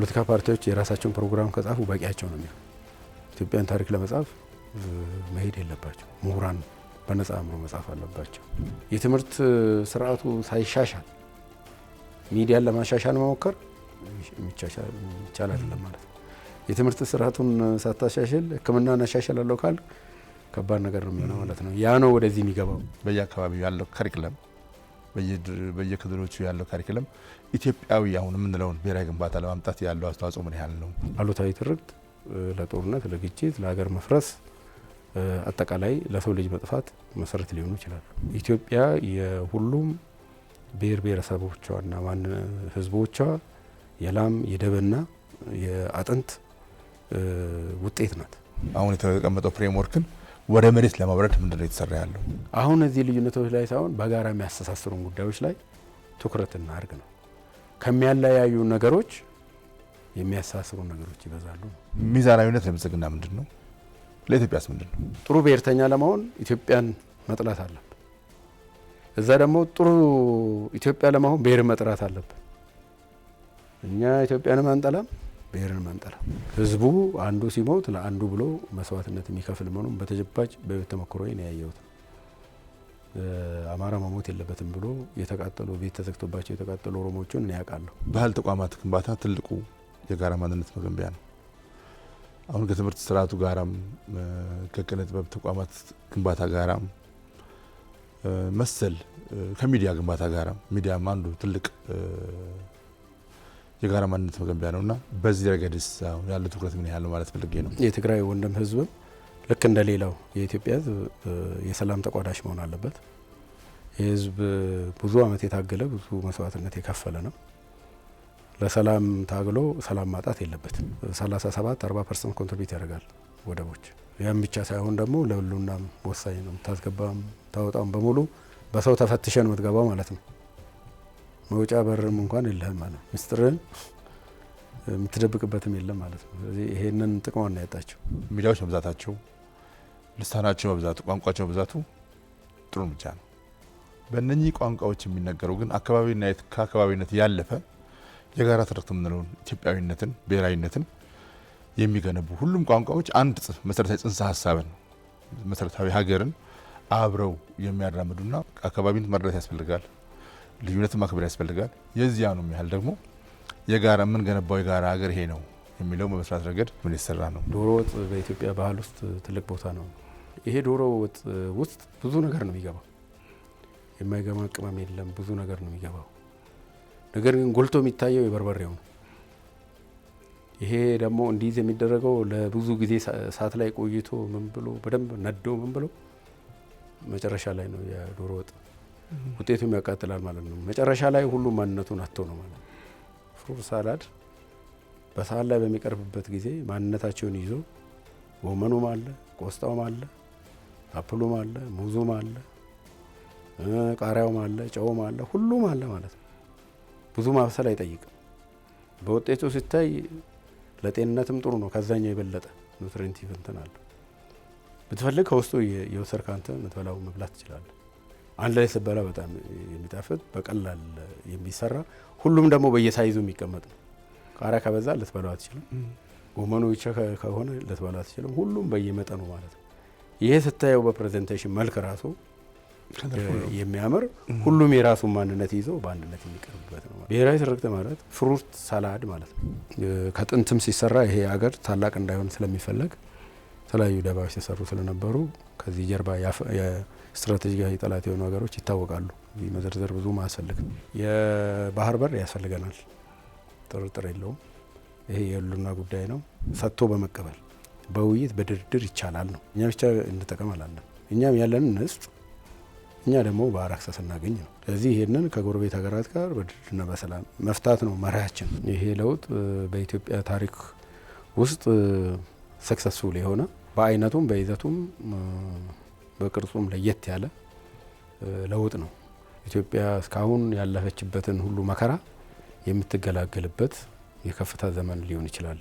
የፖለቲካ ፓርቲዎች የራሳቸውን ፕሮግራም ከጻፉ በቂያቸው ነው የሚሆን። ኢትዮጵያን ታሪክ ለመጻፍ መሄድ የለባቸው። ምሁራን በነጻ አእምሮ መጻፍ አለባቸው። የትምህርት ስርዓቱ ሳይሻሻል ሚዲያን ለማሻሻል መሞከር ይቻል አይደለም ማለት ነው። የትምህርት ስርዓቱን ሳታሻሽል ሕክምና እናሻሽላለሁ ካል ከባድ ነገር ነው የሚሆነው ማለት ነው። ያ ነው ወደዚህ የሚገባው። በየአካባቢው ያለው ከሪክለም በየክልሎቹ ያለው ካሪክለም ኢትዮጵያዊ አሁን የምንለውን ብሔራዊ ግንባታ ለማምጣት ያለው አስተዋጽኦ ምን ያህል ነው? አሉታዊ ትርክት ለጦርነት፣ ለግጭት፣ ለሀገር መፍረስ፣ አጠቃላይ ለሰው ልጅ መጥፋት መሰረት ሊሆኑ ይችላሉ። ኢትዮጵያ የሁሉም ብሔር ብሔረሰቦቿና ማን ህዝቦቿ የላም የደብና የአጥንት ውጤት ናት። አሁን የተቀመጠው ፍሬምወርክን ወደ መሬት ለማውረድ ምንድነው የተሰራ ያለው? አሁን እዚህ ልዩነቶች ላይ ሳይሆን በጋራ የሚያስተሳስሩን ጉዳዮች ላይ ትኩረት እናድርግ ነው። ከሚያለያዩ ነገሮች የሚያሳስሩ ነገሮች ይበዛሉ። ሚዛናዊነት ለብልጽግና ምንድን ነው? ለኢትዮጵያስ ምንድን ነው? ጥሩ ብሔርተኛ ለመሆን ኢትዮጵያን መጥላት አለብን። እዛ ደግሞ ጥሩ ኢትዮጵያ ለመሆን ብሔር መጥራት አለብን። እኛ ኢትዮጵያንም አንጠላም ብሔርን ማንጠላ ህዝቡ አንዱ ሲሞት ለአንዱ ብሎ መስዋዕትነት የሚከፍል መሆኑን በተጨባጭ በቤት ተሞክሮ ነው ያየሁት። አማራ መሞት የለበትም ብሎ የተቃጠሉ ቤት ተዘግቶባቸው የተቃጠሉ ኦሮሞዎቹን እኔ ያውቃለሁ። ባህል ተቋማት ግንባታ ትልቁ የጋራ ማንነት መገንቢያ ነው። አሁን ከትምህርት ስርዓቱ ጋራም ከኪነ ጥበብ ተቋማት ግንባታ ጋራም መሰል ከሚዲያ ግንባታ ጋራም ሚዲያም አንዱ ትልቅ የጋራ ማንነት መገንቢያ ነውና በዚህ ረገድስ ያለ ትኩረት ምን ያህል ነው ማለት ፈልጌ ነው። የትግራይ ወንድም ህዝብም ልክ እንደ ሌላው የኢትዮጵያ ህዝብ የሰላም ተቋዳሽ መሆን አለበት። የህዝብ ብዙ አመት የታገለ ብዙ መስዋዕትነት የከፈለ ነው። ለሰላም ታግሎ ሰላም ማጣት የለበትም። 37 40 ፐርሰንት ኮንትሪቢዩት ያደርጋል ወደቦች። ያም ብቻ ሳይሆን ደግሞ ለሁሉናም ወሳኝ ነው። ታስገባም ታወጣም በሙሉ በሰው ተፈትሸን ምትገባው ማለት ነው። መውጫ በርም እንኳን የለህም ማለት ነው። የምትደብቅበትም የለም ማለት ነው። ስለዚህ ይሄንን ጥቅሟን ነው ያጣቸው። ሚዲያዎች መብዛታቸው፣ ልሳናቸው መብዛቱ፣ ቋንቋቸው መብዛቱ ጥሩ ብቻ ነው። በእነኚህ ቋንቋዎች የሚነገረው ግን አካባቢና ከአካባቢነት ያለፈ የጋራ ትርክት የምንለውን ኢትዮጵያዊነትን፣ ብሔራዊነትን የሚገነቡ ሁሉም ቋንቋዎች አንድ መሰረታዊ ጽንሰ ሀሳብን መሰረታዊ ሀገርን አብረው የሚያራምዱና አካባቢነት መረዳት ያስፈልጋል። ልዩነት ማክበር ያስፈልጋል። የዚያኑ ያህል ደግሞ የጋራ የምንገነባው የጋራ ሀገር ይሄ ነው የሚለው በመስራት ረገድ ምን ይሰራ ነው። ዶሮ ወጥ በኢትዮጵያ ባህል ውስጥ ትልቅ ቦታ ነው። ይሄ ዶሮ ወጥ ውስጥ ብዙ ነገር ነው የሚገባው፣ የማይገባ ቅመም የለም። ብዙ ነገር ነው የሚገባው። ነገር ግን ጎልቶ የሚታየው የበርበሬው ነው። ይሄ ደግሞ እንዲይዝ የሚደረገው ለብዙ ጊዜ እሳት ላይ ቆይቶ ምን ብሎ በደንብ ነዶ ምን ብሎ መጨረሻ ላይ ነው የዶሮ ወጥ ውጤቱም ያቃጥላል ማለት ነው። መጨረሻ ላይ ሁሉም ማንነቱን አጥቶ ነው ማለት ነው። ፍሩት ሳላድ በሳህን ላይ በሚቀርብበት ጊዜ ማንነታቸውን ይዞ ጎመኑም አለ፣ ቆስጣውም አለ፣ አፕሉም አለ፣ ሙዙም አለ፣ ቃሪያውም አለ፣ ጨውም አለ፣ ሁሉም አለ ማለት ነው። ብዙ ማብሰል አይጠይቅም። በውጤቱ ሲታይ ለጤንነትም ጥሩ ነው። ከዛኛው የበለጠ ኑትሪንቲቭ እንትን አለ። ብትፈልግ ከውስጡ የወሰድክ አንተ የምትበላው መብላት ትችላለህ። አንድ ላይ ስበላ በጣም የሚጣፍጥ በቀላል የሚሰራ ሁሉም ደግሞ በየሳይዙ የሚቀመጥ ነው። ቃሪያ ከበዛ ልትበላ አትችልም። ጎመኑ ብቻ ከሆነ ልትበላ አትችልም። ሁሉም በየመጠኑ ማለት ነው። ይሄ ስታየው በፕሬዘንቴሽን መልክ ራሱ የሚያምር ሁሉም የራሱን ማንነት ይዞ በአንድነት የሚቀርብበት ነው። ብሔራዊ ትርክት ማለት ፍሩት ሰላድ ማለት ነው። ከጥንትም ሲሰራ ይሄ ሀገር ታላቅ እንዳይሆን ስለሚፈለግ የተለያዩ ደባዎች ተሰሩ ስለነበሩ ከዚህ ጀርባ ስትራቴጂካዊ ጠላት የሆኑ ሀገሮች ይታወቃሉ። እዚህ መዘርዘር ብዙ ማያስፈልግ። የባህር በር ያስፈልገናል፣ ጥርጥር የለውም። ይሄ የህልውና ጉዳይ ነው። ሰጥቶ በመቀበል በውይይት በድርድር ይቻላል ነው። እኛ ብቻ እንጠቀም አላለን። እኛም ያለንን ንስጥ እኛ ደግሞ ባህር አክሰስ እናገኝ ነው። ስለዚህ ይህንን ከጎረቤት ሀገራት ጋር በድርድርና በሰላም መፍታት ነው መሪያችን። ይሄ ለውጥ በኢትዮጵያ ታሪክ ውስጥ ሰክሰስፉል የሆነ በአይነቱም በይዘቱም በቅርጹም ለየት ያለ ለውጥ ነው። ኢትዮጵያ እስካሁን ያለፈችበትን ሁሉ መከራ የምትገላገልበት የከፍታ ዘመን ሊሆን ይችላል።